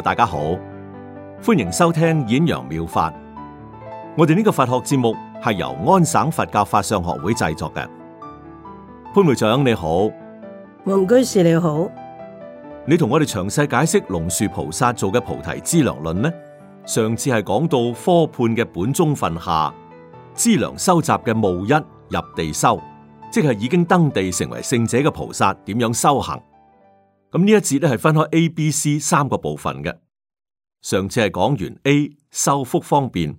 大家好，歡迎收聽演揚妙，妙法。我哋呢個佛學節目係由安省佛教法相學會製作嘅。潘會長你好，黃居士你好，你同我哋詳細解釋龍樹菩薩做嘅《菩提資糧論》呢？上次係講到科判嘅本宗分下，資糧收集嘅無一入地修，即係已經登地成為聖者嘅菩薩，點樣修行？咁呢一節咧係分開 A、B、C 三個部分嘅。上次係講完 A 收復方便，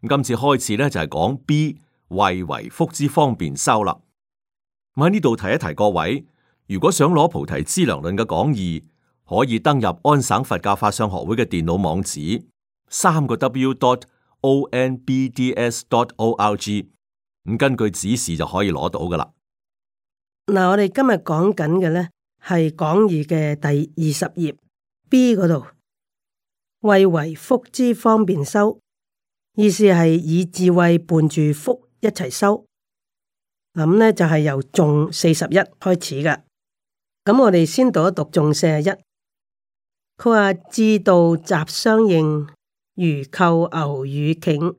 咁今次開始咧就係、是、講 B 為為福之方便收啦。喺呢度提一提各位，如果想攞菩提資糧論嘅講義，可以登入安省佛教法相學會嘅電腦網址，三個 w.dot.o.n.b.d.s.dot.o.l.g。咁、嗯、根據指示就可以攞到噶啦。嗱，我哋今日講緊嘅咧。係講義嘅第二十頁 B 嗰度，慧為福之方便收，意思係以智慧伴住福一齊收。咁咧就係由頌四十一開始噶。咁我哋先讀一讀頌四十一，佢話，智道集相應，如扣牛與頸，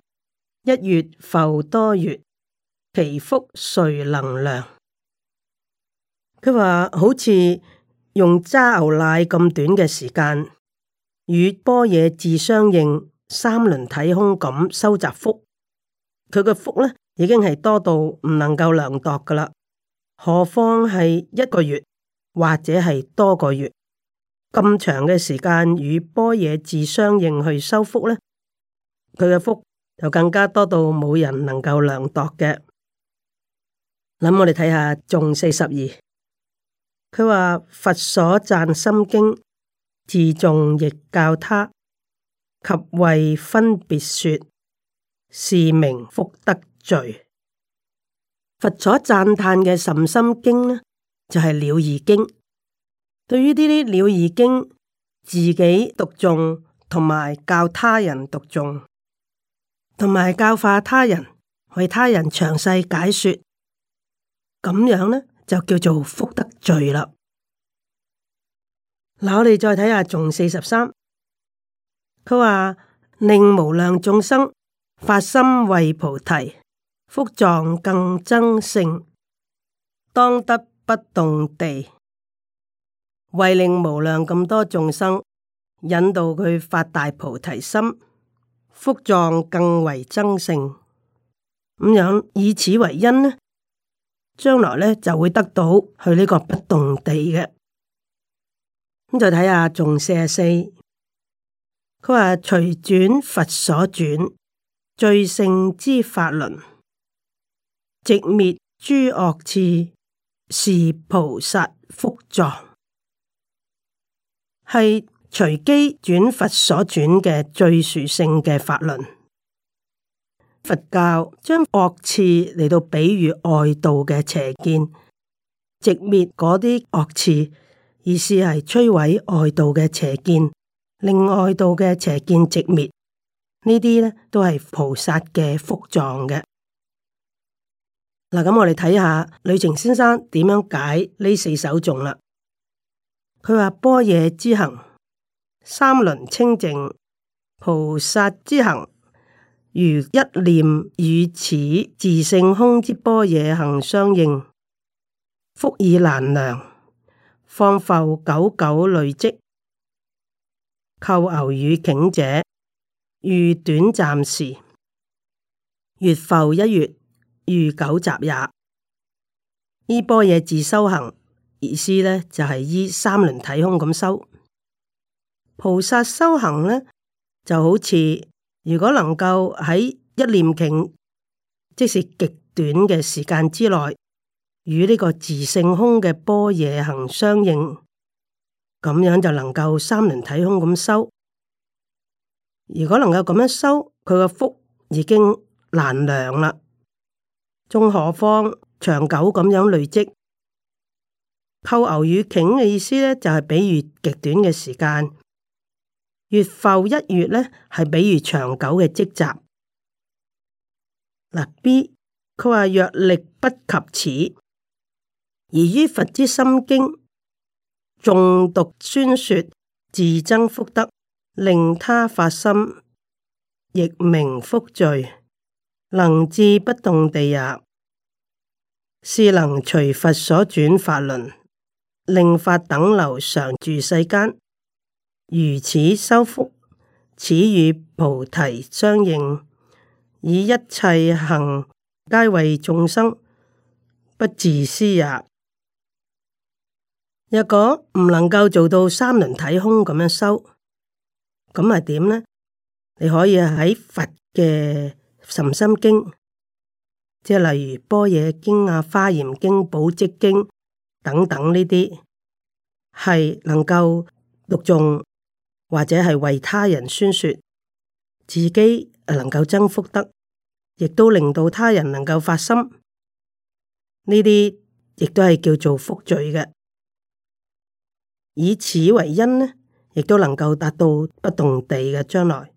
一月浮多月，其福誰能量？佢話好似用揸牛奶咁短嘅時間，與般若智相應三輪體空咁收集福，佢嘅福呢已經係多到唔能夠量度㗎喇。何況係一個月或者係多個月咁長嘅時間，與般若智相應去收福呢？佢嘅福就更加多到冇人能夠量度嘅。噉我哋睇下，頌四十二。佢話佛所讚深經自誦亦教他及為分別說是名福德聚。佛所讚嘆嘅甚深經呢，就係了義經。對於呢啲了義經，自己讀誦同埋教他人讀誦，同埋教化他人，為他人詳細解說，咁樣呢？就叫做福德聚啦。嗱，我哋再睇下頌四十三，佢話令無量眾生發心為菩提，福狀更增盛，當得不動地。為令無量咁多眾生引導佢發大菩提心，福狀更為增盛。咁樣以此為因呢？將來咧就會得到佢呢個不動地嘅。咁再睇下仲四十四，佢話隨轉佛所轉最勝之法輪，直滅諸惡次，是菩薩福藏，係隨機轉佛所轉嘅最殊勝嘅法輪。佛教將惡刺嚟到比喻外道嘅邪見，直滅嗰啲惡刺，意思係摧毀外道嘅邪見，令外道嘅邪見直滅。呢啲呢都係菩薩嘅福狀嘅。嗱，咁我哋睇下呂澄先生點樣解呢四首頌啦。佢話般若之行，三輪清淨，菩薩之行。如一念與此自性空之般若行相應，福以難量，放浮久久累積，叩牛與頸者，遇短暫時，越浮一月，遇久集也。依般若自修行意思咧，就係、是、依三輪體空咁修菩薩修行咧，就好似。如果能夠喺一念頃，即是極短嘅時間之內，與呢個自性空嘅般若行相應，咁樣就能夠三輪體空咁收。如果能夠咁樣修，佢個福已經難量啦。仲何況長久咁樣累積搆牛乳頃嘅意思咧，就係比喻極短嘅時間。月浮一月呢，係比喻長久嘅積集嗱。B 佢話若力不及此，而於佛之心經誦讀宣說，自增福德，令他發心，亦明福罪。能至不動地也。是能隨佛所轉法輪，令法等流常住世間。如此修福，此與菩提相應，以一切行皆為眾生，不自私也。若果唔能夠做到三輪體空咁樣修，咁係點呢？你可以喺佛嘅《甚心經》，即係例如《般若經》啊、《華嚴經》、《寶積經》等等呢啲，係能夠讀誦。或者係為他人宣說，自己能夠增福德，亦都令到他人能夠發心，呢啲亦都係叫做福罪嘅。以此為因呢，亦都能夠達到不動地嘅將來。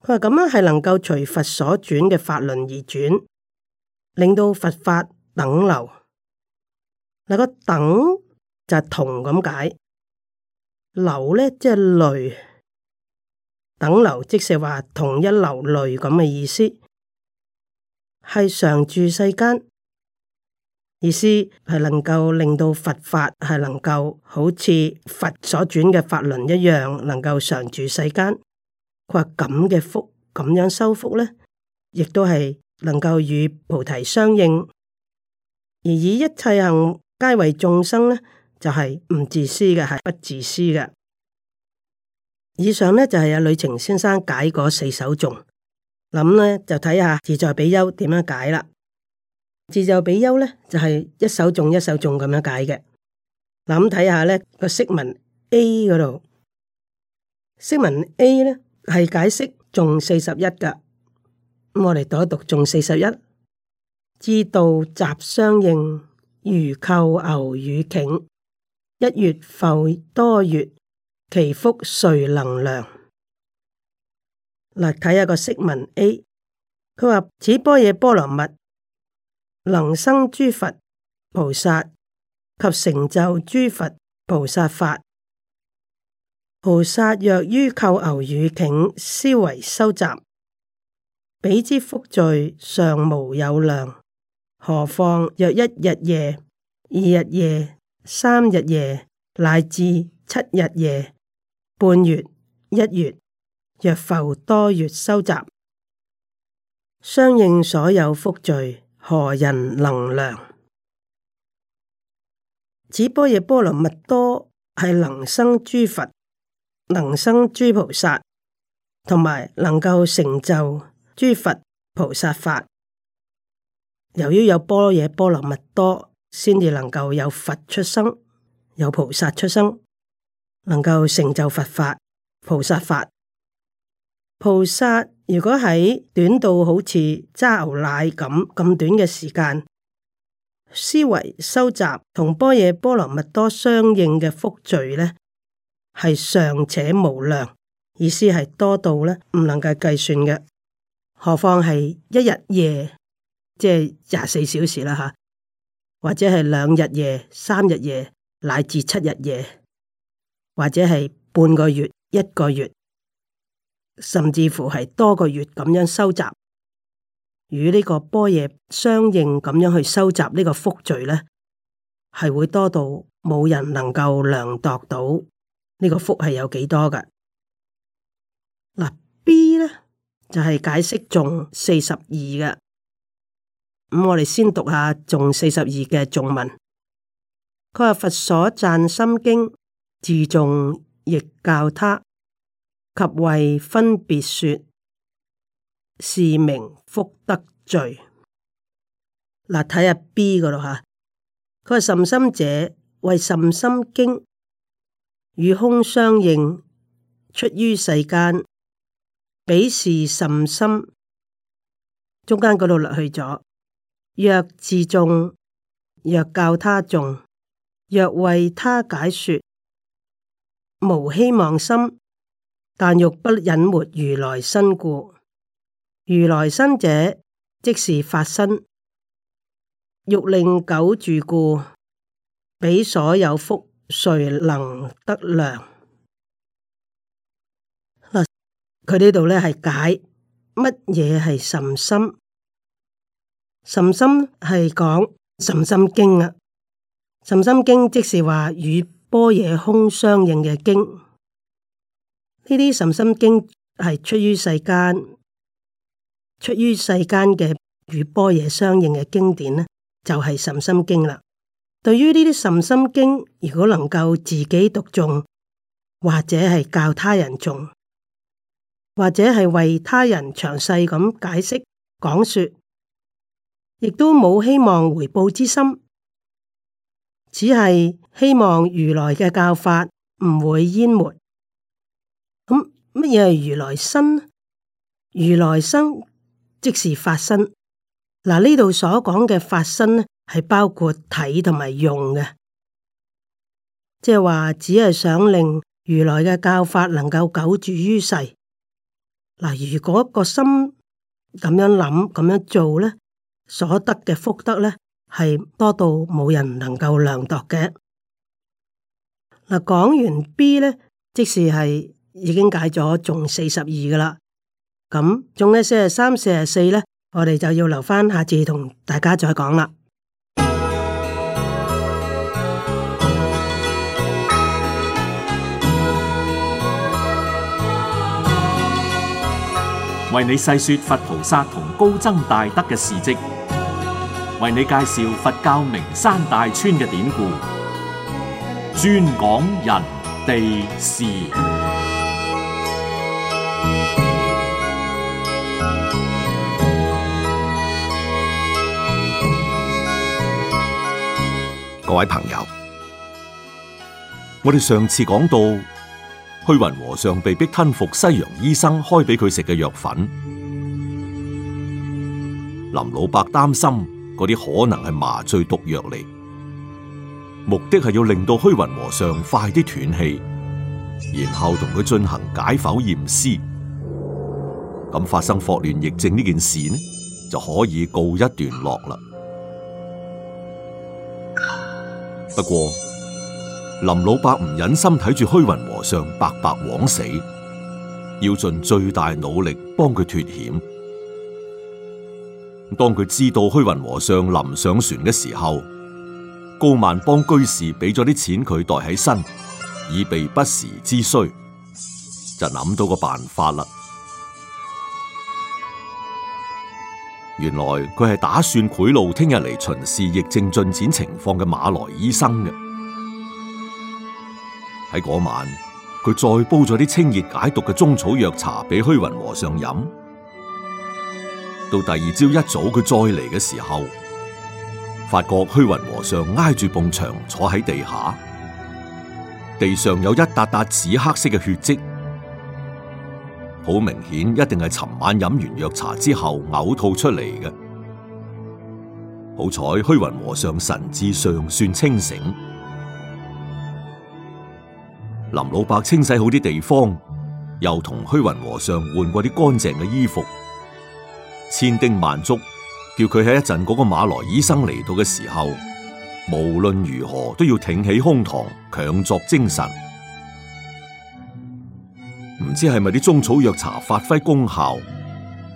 佢話咁樣係能夠隨佛所轉嘅法輪而轉，令到佛法等流。嗱、那個等就係同咁解。流咧即係淚，等流，即是話同一流淚咁嘅意思，係常住世間，意思係能夠令到佛法係能夠好似佛所轉嘅法輪一樣，能夠常住世間。佢話咁嘅福，咁樣修福咧，亦都係能夠與菩提相應，而以一切行皆為眾生呢？就係唔自私嘅，係不自私嘅。以上呢，就係阿呂澄先生解嗰四首頌，諗咧就睇下自在比丘點樣解啦。自在比丘呢，就係、是、一首頌一首頌咁樣解嘅。嗱咁睇下呢個釋文 A 嗰度，釋文 A 呢係解釋頌四十一㗎。咁我哋讀一讀頌四十一，知道雜相應如扣牛與頸。一月浮多月，其福誰能量？嗱，睇下個釋文 A，佢話此般若波羅蜜能生諸佛菩薩及成就諸佛菩薩法。菩薩若於扣牛乳頃思惟修集，彼之福聚尚無有量，何況若一日夜二日夜？三日夜乃至七日夜，半月一月，若浮多月收集，相應所有福聚，何人能量？此般若波羅蜜多係能生諸佛，能生諸菩薩，同埋能夠成就諸佛菩薩法。由於有般若波羅蜜多。先至能夠有佛出生，有菩薩出生，能夠成就佛法、菩薩法。菩薩如果喺短到好似揸牛奶咁咁短嘅時間，思維收集同般若波羅蜜多相應嘅福聚呢，係尚且無量，意思係多到呢唔能夠計算嘅，何況係一日夜，即係廿四小時啦吓。或者係兩日夜、三日夜乃至七日夜，或者係半個月、一個月，甚至乎係多個月咁樣收集，與呢個般若相應咁樣去收集呢個福聚咧，係會多到冇人能夠量度到呢個福係有幾多嘅。嗱、啊、B 咧就係、是、解釋仲四十二嘅。咁、嗯、我哋先讀下頌四十二嘅頌文，佢話佛所讚深經自誦亦教他及為分別說是名福德聚。嗱，睇下 B 嗰度吓，佢話深經者謂甚深經與空相應，出於世間，彼是深經，中間嗰度落去咗。若自重，若教他重，若為他解說，無希望心，但欲不隱沒如來身故。如來身者，即是法身，欲令久住故，彼所有福，誰能得量？佢呢度咧係解乜嘢係甚心？甚深係講甚深經啊？甚深經即是話與般若空相應嘅經。呢啲甚深經係出於世間，出於世間嘅與般若相應嘅經典呢？就係甚深經啦。對於呢啲甚深經，如果能夠自己讀誦，或者係教他人誦，或者係為他人詳細咁解釋講說。亦都冇希望回報之心，只係希望如來嘅教法唔會淹沒。咁乜嘢係如來身？如來身即是法身。嗱、嗯，呢度所講嘅法身」呢，係包括體同埋用嘅，即係話只係想令如來嘅教法能夠久住於世。嗱、嗯，如果個心咁樣諗、咁樣做呢？所得嘅福德呢，係多到冇人能夠量度嘅。嗱、啊，講完 B 呢，即使係已經解咗，頌四十二㗎喇，咁頌呢四十三、四十四呢，我哋就要留翻下次同大家再講啦。為你細說佛菩薩同高僧大德嘅事跡。為你介紹佛教名山大川嘅典故，專講人地事。各位朋友，我哋上次講到，虛雲和尚被逼迫吞服西洋醫生開俾佢食嘅藥粉，林老伯擔心，嗰啲可能係麻醉毒藥嚟，目的係要令到虛雲和尚快啲斷氣，然後同佢進行解剖驗屍。咁發生霍亂疫症呢件事呢，就可以告一段落啦。不過林老伯唔忍心睇住虛雲和尚白白枉死，要盡最大努力幫佢脫險。當佢知道虛雲和尚臨上船嘅時候，高萬邦居士俾咗啲錢佢袋起身，以備不時之需，就諗到個辦法啦。原來佢係打算賄賂聽日嚟巡視疫症進展情況嘅馬來醫生嘅。喺嗰晚，佢再煲咗啲清熱解毒嘅中草藥茶俾虛雲和尚飲。到第二朝一早，佢再嚟嘅時候，發覺虛雲和尚挨住埲牆坐喺地下，地上有一笪笪紫黑色嘅血跡，好明顯，一定係尋晚飲完藥茶之後嘔吐出嚟嘅。好彩虛雲和尚神志尚算清醒，林老伯清洗好啲地方，又同虛雲和尚換過啲乾淨嘅衣服。千叮萬囑，叫佢喺一陣嗰個馬來醫生嚟到嘅時候，無論如何都要挺起胸膛，強作精神。唔知係咪啲中草藥茶發揮功效，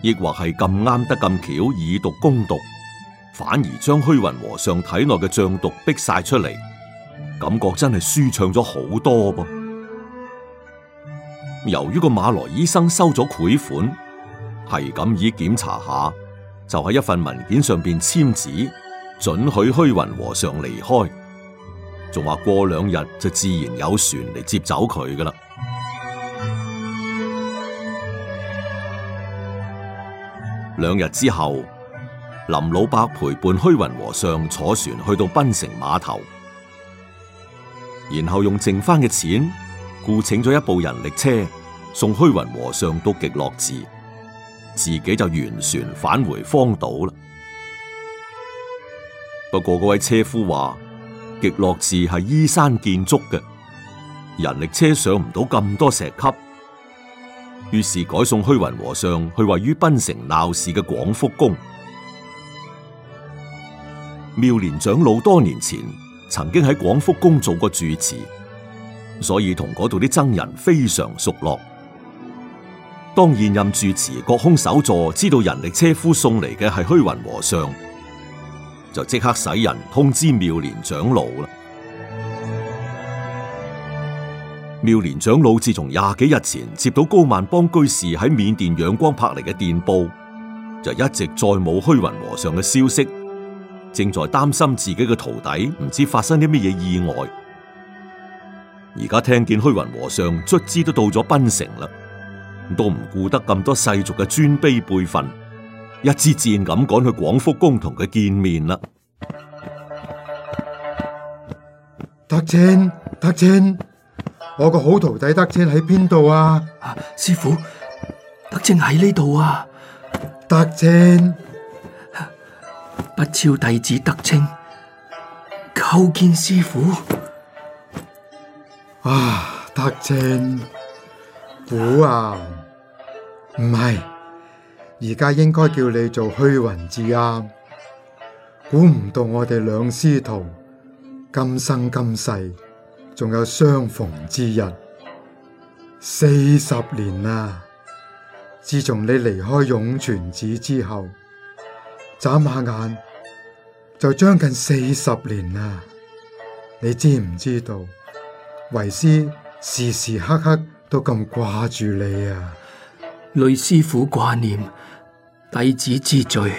亦或係咁啱得咁巧以毒攻毒，反而將虛雲和尚體內嘅瘴毒逼晒出嚟，感覺真係舒暢咗好多噃。由於個馬來醫生收咗賄款。係咁，以檢查下，就喺一份文件上邊簽字，准許虛雲和尚離開，仲話過兩日就自然有船嚟接走佢㗎喇。兩 日之後，林老伯陪伴虛雲和尚坐船去到檳城碼頭，然後用剩翻嘅錢雇請咗一部人力車送虛雲和尚到極樂寺。自己就完船返回荒島啦。不過嗰位車夫話：極樂寺係依山建築嘅，人力車上唔到咁多石級，於是改送虛雲和尚去位於檳城鬧市嘅廣福宮。妙蓮長老多年前曾經喺廣福宮做過住持，所以同嗰度啲僧人非常熟絡。當現任住持國空首座，知道人力車夫送嚟嘅係虛雲和尚，就即刻使人通知妙蓮長老啦。妙蓮長老自從廿幾日前接到高曼邦居士喺緬甸仰光拍嚟嘅電報，就一直再冇虛雲和尚嘅消息，正在擔心自己嘅徒弟唔知發生啲乜嘢意外。而家聽見虛雲和尚卒之都到咗檳城啦，都唔顧得咁多世俗嘅尊卑輩分，一支箭咁趕去廣福宮同佢見面啦。德清，德清，我個好徒弟德清喺邊度啊？師傅，德清喺呢度啊。德清，不肖弟子德清叩見師傅。啊，德清。估啊！唔係，而家應該叫你做虛雲至啱，估唔到我哋兩師徒今生今世仲有相逢之日。四十年啦，自從你離開湧泉寺之後，眨下眼就將近四十年啦。你知唔知道？為師時時刻刻。都咁掛住你啊！雷師傅掛念弟子之罪。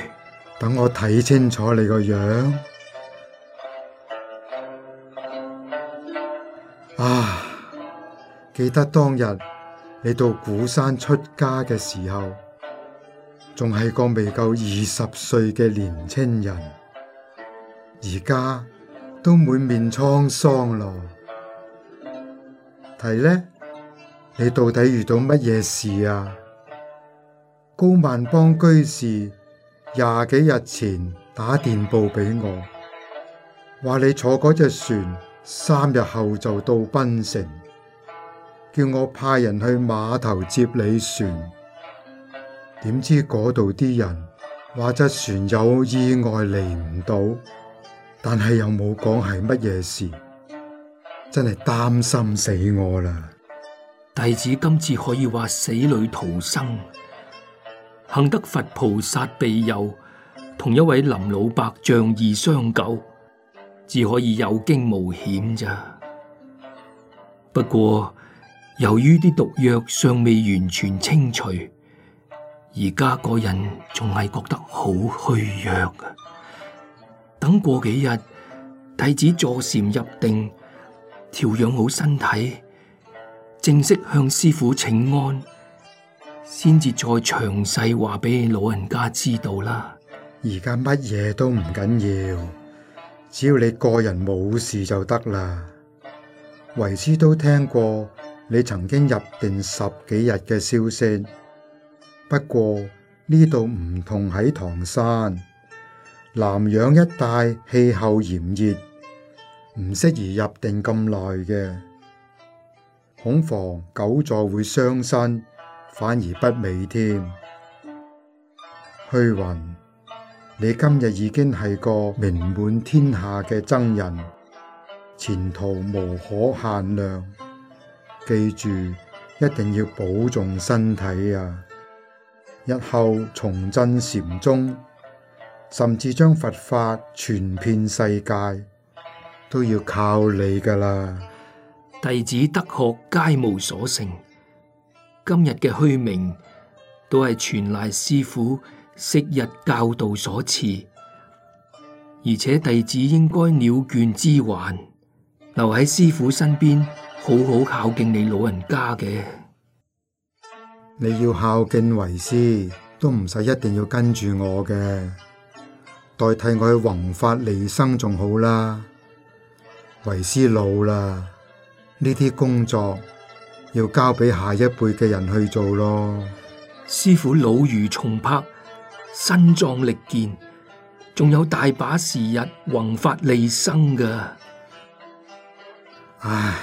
等我睇清楚你個樣啊！記得當日你到鼓山出家嘅時候，仲係個未夠二十歲嘅年青人，而家都滿面滄桑咯。提呢？你到底遇到乜嘢事啊？高曼邦居士廿幾日前打電報俾我，話你坐嗰隻船三日後就到檳城，叫我派人去碼頭接你船。點知嗰度啲人話隻船有意外嚟唔到，但係又冇講係乜嘢事，真係擔心死我啦！弟子今次可以話死裏逃生，幸得佛菩薩庇佑，同一位林老伯仗義相救，只可以有驚無險咋。不過由於啲毒藥尚未完全清除，而家個人仲係覺得好虛弱。等過幾日，弟子坐禪入定，調養好身體。正式向師父請安，先至再詳細話俾老人家知道啦。而家乜嘢都唔緊要，只要你個人冇事就得啦。為師都聽過你曾經入定十幾日嘅消息，不過呢度唔同，喺唐山、南洋一帶氣候炎熱，唔適宜入定咁耐嘅。恐防久坐會傷身，反而不美添。虛雲，你今日已經係個名滿天下嘅僧人，前途無可限量。記住，一定要保重身體啊！日後重振禪宗，甚至將佛法傳遍世界，都要靠你噶啦。弟子德學皆無所成，今日嘅虛名都係全賴師父昔日教導所賜，而且弟子應該鳥倦之還，留喺師父身邊好好孝敬你老人家嘅。你要孝敬為師，都唔使一定要跟住我嘅，代替我去弘法利生仲好啦。為師老啦。呢啲工作要交俾下一輩嘅人去做咯。師傅老如松柏，身壯力健，仲有大把時日宏法利生噶。唉，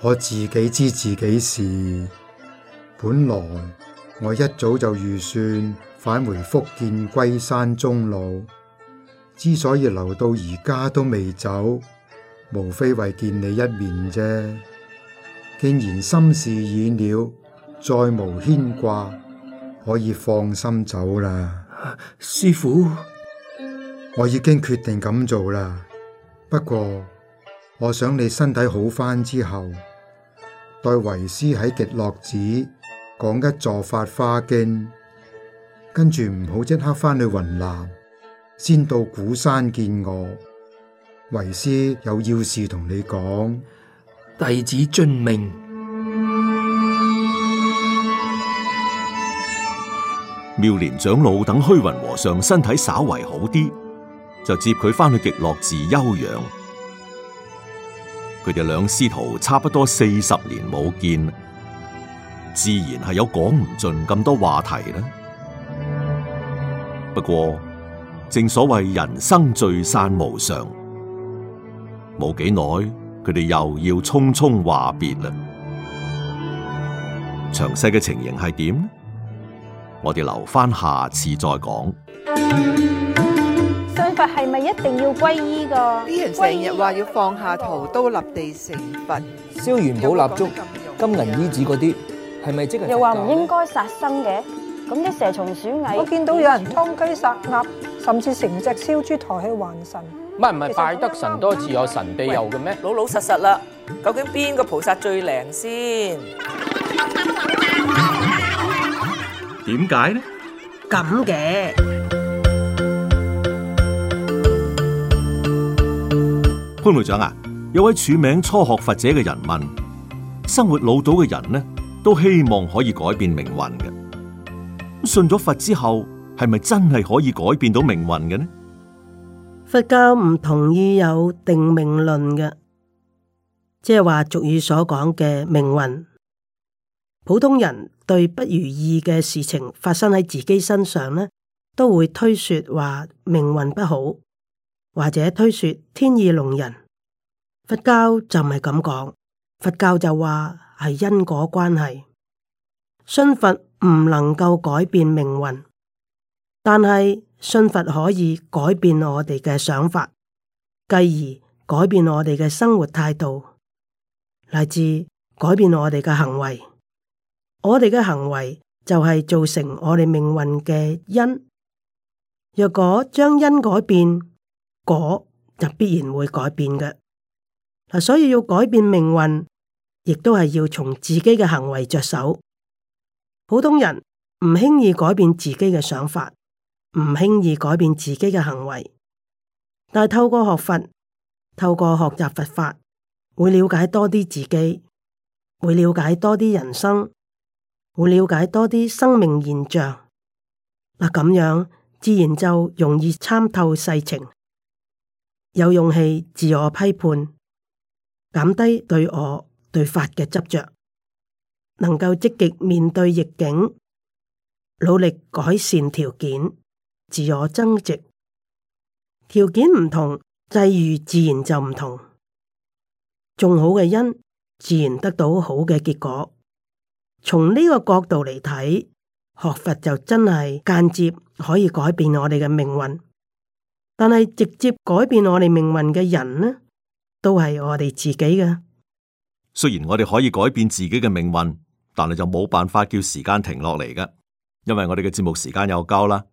我自己知自己事。本來我一早就預算返回福建歸山終老，之所以留到而家都未走。無非為見你一面啫，既然心事已了，再無牽掛，可以放心走啦。師父，我已經決定咁做啦。不過，我想你身體好翻之後，待為師喺極樂寺講一座法華經，跟住唔好即刻翻去雲南，先到鼓山見我。為師有要事同你講，弟子遵命。妙蓮長老等虛雲和尚身體稍為好啲，就接佢翻去極樂寺休養。佢哋兩師徒差不多四十年冇見，自然係有講唔盡咁多話題啦。不過正所謂人生聚散無常。.冇幾耐，佢哋又要匆匆話別啦。詳細嘅情形係點呢？我哋留翻下，下次再講。信佛係咪一定要皈依噶？啲人成日話要放下屠刀立地成佛，燒元寶蠟燭、金銀衣紙嗰啲，係咪、嗯、即係？又話唔應該殺生嘅，咁啲蛇蟲鼠蟻，我見到有人殺雞殺鴨，甚至成隻燒豬抬去還神。唔係唔係，拜得神多自有神庇佑嘅咩？老老實實啦，究竟邊個菩薩最靈先？點解呢？咁嘅潘會長啊，有位署名初學佛者嘅人問：生活老到嘅人呢，都希望可以改變命運嘅。信咗佛之後，係咪真係可以改變到命運嘅呢？佛教唔同意有定命論嘅，即係話俗語所講嘅命運。普通人對不如意嘅事情發生喺自己身上咧，都會推說話命運不好，或者推說天意弄人。佛教就唔係咁講，佛教就話係因果關係，信佛唔能夠改變命運，但係，信佛可以改變我哋嘅想法，繼而改變我哋嘅生活態度，乃至改變我哋嘅行為。我哋嘅行為就係造成我哋命運嘅因。若果將因改變，果就必然會改變嘅。所以要改變命運，亦都係要從自己嘅行為着手。普通人唔輕易改變自己嘅想法。唔輕易改變自己嘅行為，但透過學佛，透過學習佛法，會了解多啲自己，會了解多啲人生，會了解多啲生命現象。嗱，咁樣自然就容易參透世情，有勇氣自我批判，減低對我對法嘅執着，能夠積極面對逆境，努力改善條件。自我增值條件唔同，際遇自然就唔同。種好嘅因，自然得到好嘅結果。從呢個角度嚟睇，學佛就真係間接可以改變我哋嘅命運。但係直接改變我哋命運嘅人呢，都係我哋自己嘅。雖然我哋可以改變自己嘅命運，但係就冇辦法叫時間停落嚟嘅，因為我哋嘅節目時間有夠啦。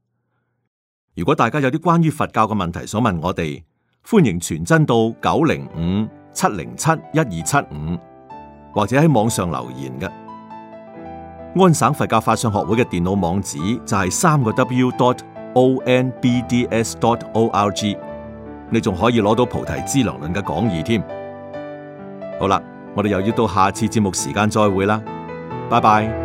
如果大家有啲關於佛教嘅問題想問我哋，歡迎傳真到九零五七零七一二七五，75, 或者喺網上留言嘅。安省佛教法相學會嘅電腦網址就係三個 W dot O N B D S dot O R G，你仲可以攞到菩提資糧論嘅講義添。好啦，我哋又要到下次節目時間再會啦，拜拜。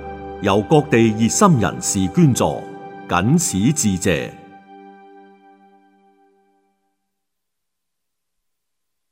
由各地熱心人士捐助，謹此致謝。